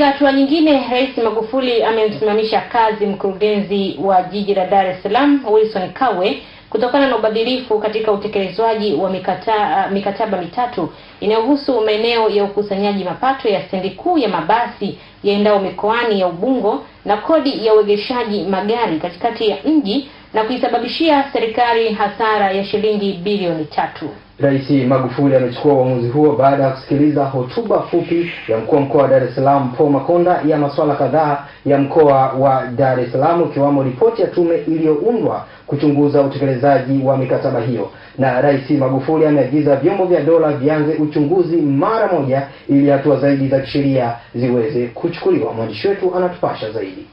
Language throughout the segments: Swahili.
Katika hatua nyingine, Rais Magufuli amemsimamisha kazi mkurugenzi wa jiji la Dar es Salaam Wilson Kawe kutokana na ubadhirifu katika utekelezwaji wa mikata, uh, mikataba mitatu inayohusu maeneo ya ukusanyaji mapato ya stendi kuu ya mabasi yaendao mikoani ya Ubungo na kodi ya uegeshaji magari katikati ya mji na kuisababishia serikali hasara ya shilingi bilioni tatu. Rais Magufuli amechukua uamuzi huo baada ya kusikiliza hotuba fupi ya mkuu wa mkoa wa Dar es Salaam Paul Makonda ya masuala kadhaa ya mkoa wa Dar es Salaam ikiwamo ripoti ya tume iliyoundwa kuchunguza utekelezaji wa mikataba hiyo. Na Rais Magufuli ameagiza vyombo vya dola vianze uchunguzi mara moja ili hatua zaidi za kisheria ziweze kuchukuliwa. Mwandishi wetu anatupasha zaidi.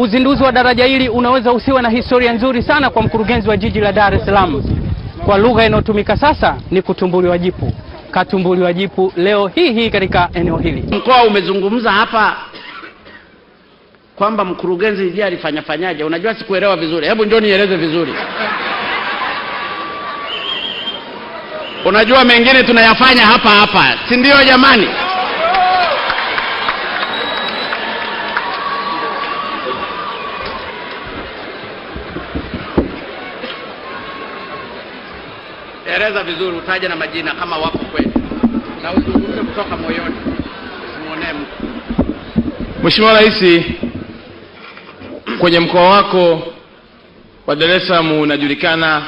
Uzinduzi wa daraja hili unaweza usiwe na historia nzuri sana kwa mkurugenzi wa jiji la Dar es Salaam. Kwa lugha inayotumika sasa ni kutumbuliwa jipu, katumbuliwa jipu leo hii hii katika eneo hili. Mkoa umezungumza hapa kwamba mkurugenzi je, alifanya fanyaje? Unajua sikuelewa vizuri, hebu njoo nieleze vizuri. Unajua mengine tunayafanya hapa hapa, si ndio jamani? Kiingereza vizuri utaje na majina kama wapo kweli, na uzungumze kutoka moyoni, usimwonee mtu. Mheshimiwa Rais, kwenye mkoa wako wa Dar es Salaam unajulikana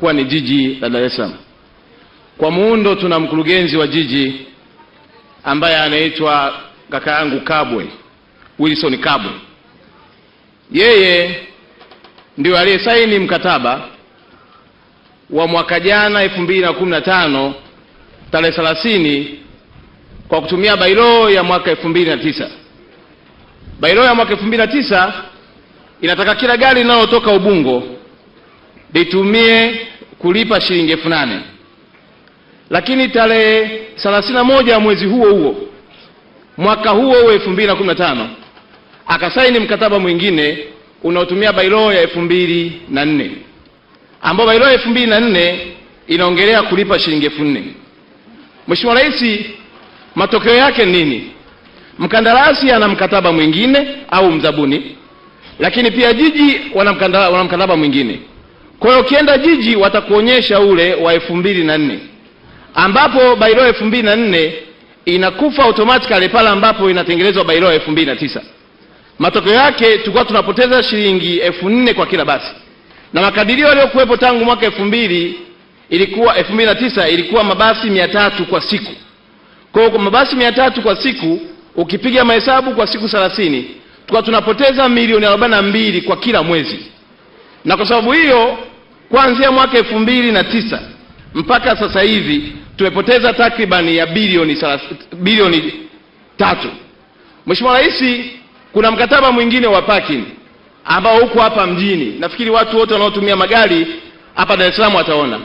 kuwa ni jiji la Dar es Salaam. Kwa muundo tuna mkurugenzi wa jiji ambaye anaitwa kaka yangu Kabwe, Wilson Kabwe, yeye ndio aliyesaini mkataba wa mwaka jana 2015 tarehe 30 kwa kutumia bailo ya mwaka 2009. Bailo ya mwaka 2009 inataka kila gari linalotoka Ubungo litumie kulipa shilingi elfu nane lakini tarehe moja ya mwezi huo huo mwaka huo huo 2015 akasaini mkataba mwingine unaotumia bailo ya 2004 ambao bailoa elfu mbili na nne inaongelea kulipa shilingi elfu nne. Mheshimiwa Rais, matokeo yake nini? Mkandarasi ana mkataba mwingine au mzabuni, lakini pia jiji wana mkataba mwingine. Kwa hiyo ukienda jiji watakuonyesha ule wa elfu mbili na nne ambapo bailo elfu mbili na nne inakufa automatically pale ambapo inatengenezwa bailo elfu mbili na tisa. Matokeo yake tulikuwa tunapoteza shilingi elfu nne kwa kila basi na makadirio yaliyokuwepo tangu mwaka elfu mbili ilikuwa elfu mbili na tisa ilikuwa mabasi mia tatu kwa siku. Kwa hiyo mabasi mia tatu kwa siku ukipiga mahesabu kwa siku thelathini tukawa tunapoteza milioni arobaini na mbili kwa kila mwezi, na kwa sababu hiyo kuanzia mwaka elfu mbili na tisa mpaka sasa hivi tumepoteza takribani ya bilioni bilioni tatu. Mheshimiwa Rais, kuna mkataba mwingine wa parking ambao huko hapa mjini, nafikiri watu wote wanaotumia magari hapa Dar es Salaam wataona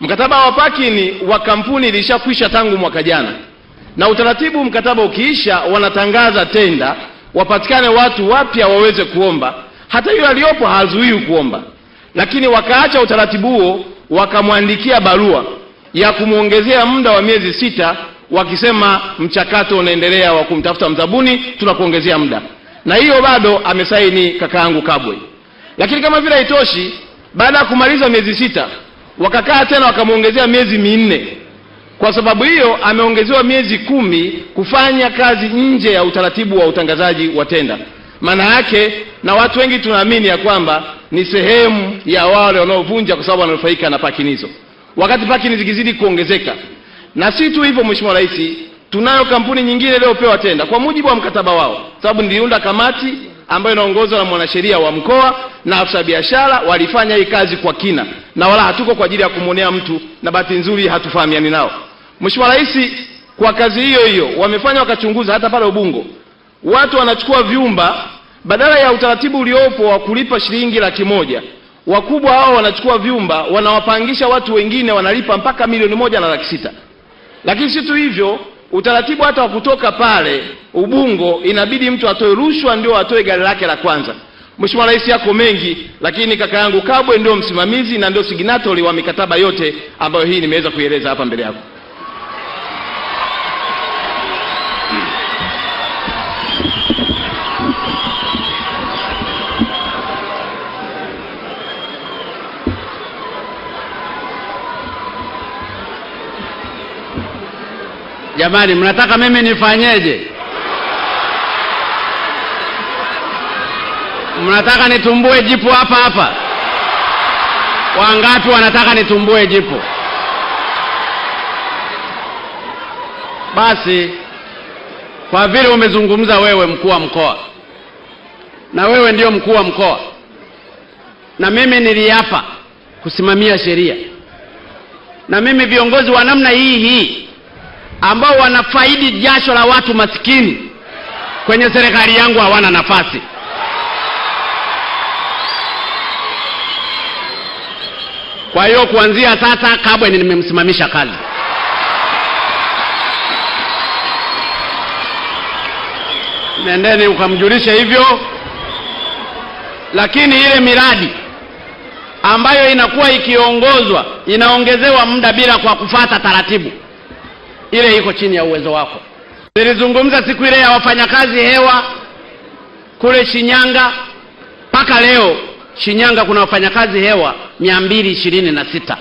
mkataba wa pakini wa kampuni ilishakwisha tangu mwaka jana, na utaratibu, mkataba ukiisha, wanatangaza tenda, wapatikane watu wapya waweze kuomba. Hata yule aliyopo hazuii kuomba, lakini wakaacha utaratibu huo, wakamwandikia barua ya kumwongezea muda wa miezi sita, wakisema mchakato unaendelea wa kumtafuta mzabuni, tunakuongezea muda na hiyo bado amesaini kaka yangu Kabwe. Lakini kama vile haitoshi, baada ya kumaliza miezi sita wakakaa tena wakamwongezea miezi minne. Kwa sababu hiyo ameongezewa miezi kumi kufanya kazi nje ya utaratibu wa utangazaji wa tenda. Maana yake, na watu wengi tunaamini ya kwamba ni sehemu ya wale wanaovunja, kwa sababu wananufaika na pakinizo, wakati pakini zikizidi kuongezeka. Na si tu hivyo, Mheshimiwa Rais tunayo kampuni nyingine iliyopewa tenda kwa mujibu wa mkataba wao, sababu niliunda kamati ambayo inaongozwa na mwanasheria wa mkoa na afisa biashara. Walifanya hii kazi kwa kina, na wala hatuko kwa ajili ya kumwonea mtu, na bahati nzuri hatufahamiani nao. Mheshimiwa Rais, kwa kazi hiyo hiyo wamefanya wakachunguza, hata pale Ubungo watu wanachukua vyumba badala ya utaratibu uliopo wa kulipa shilingi laki moja wakubwa hao wanachukua vyumba wanawapangisha watu wengine wanalipa mpaka milioni moja na laki sita, lakini si tu hivyo utaratibu hata wa kutoka pale Ubungo inabidi mtu atoe rushwa ndio atoe gari lake la kwanza. Mheshimiwa Rais, yako mengi, lakini kaka yangu Kabwe ndio msimamizi na ndio signatori wa mikataba yote ambayo hii nimeweza kuieleza hapa mbele yako. Jamani, mnataka mimi nifanyeje? Mnataka nitumbue jipu hapa hapa? Wangapi wanataka nitumbue jipu? Basi kwa vile umezungumza wewe mkuu wa mkoa, na wewe ndio mkuu wa mkoa, na mimi niliapa kusimamia sheria, na mimi viongozi wa namna hii hii ambao wanafaidi jasho la watu masikini kwenye serikali yangu hawana nafasi. Kwa hiyo kuanzia sasa, Kabwe nimemsimamisha kazi. Nendeni ukamjulishe hivyo. Lakini ile miradi ambayo inakuwa ikiongozwa inaongezewa muda bila kwa kufata taratibu ile iko chini ya uwezo wako. Nilizungumza siku ile ya wafanyakazi hewa kule Shinyanga, mpaka leo Shinyanga kuna wafanyakazi hewa mia mbili ishirini na sita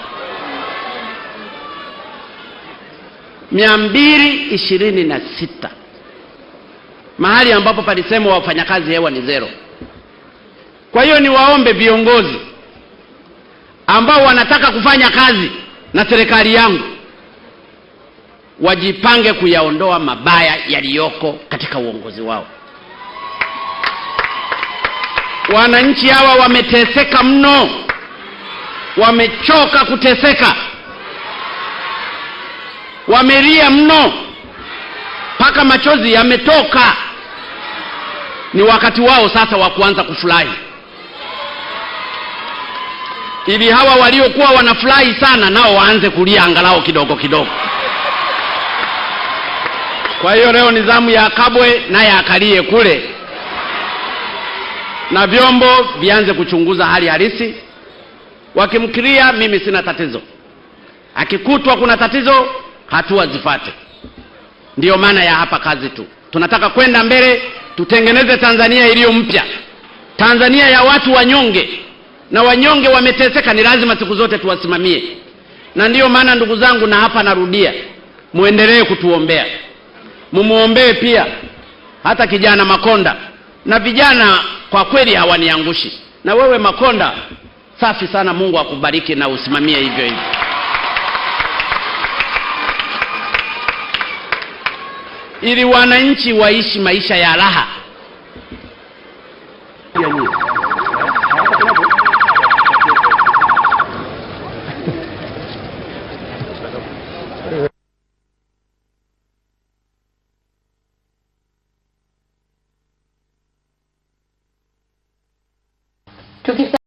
mia mbili ishirini na sita mahali ambapo palisema wafanyakazi hewa ni zero. Kwa hiyo niwaombe viongozi ambao wanataka kufanya kazi na serikali yangu wajipange kuyaondoa mabaya yaliyoko katika uongozi wao. Wananchi hawa wameteseka mno, wamechoka kuteseka, wamelia mno mpaka machozi yametoka. Ni wakati wao sasa wa kuanza kufurahi. Ili hawa waliokuwa wanafurahi sana nao waanze kulia angalau kidogo kidogo. Kwa hiyo leo ni zamu ya Kabwe naye akalie kule, na vyombo vianze kuchunguza hali halisi. wakimkiria mimi sina tatizo, akikutwa kuna tatizo, hatua zifate. Ndiyo maana ya hapa kazi tu, tunataka kwenda mbele, tutengeneze Tanzania iliyo mpya, Tanzania ya watu wanyonge na wanyonge wameteseka, ni lazima siku zote tuwasimamie. Na ndiyo maana ndugu zangu, na hapa narudia, muendelee kutuombea mumwombee pia hata kijana Makonda na vijana kwa kweli hawaniangushi. Na wewe Makonda, safi sana, Mungu akubariki na usimamie hivyo hivyo. Ili wananchi waishi maisha ya raha.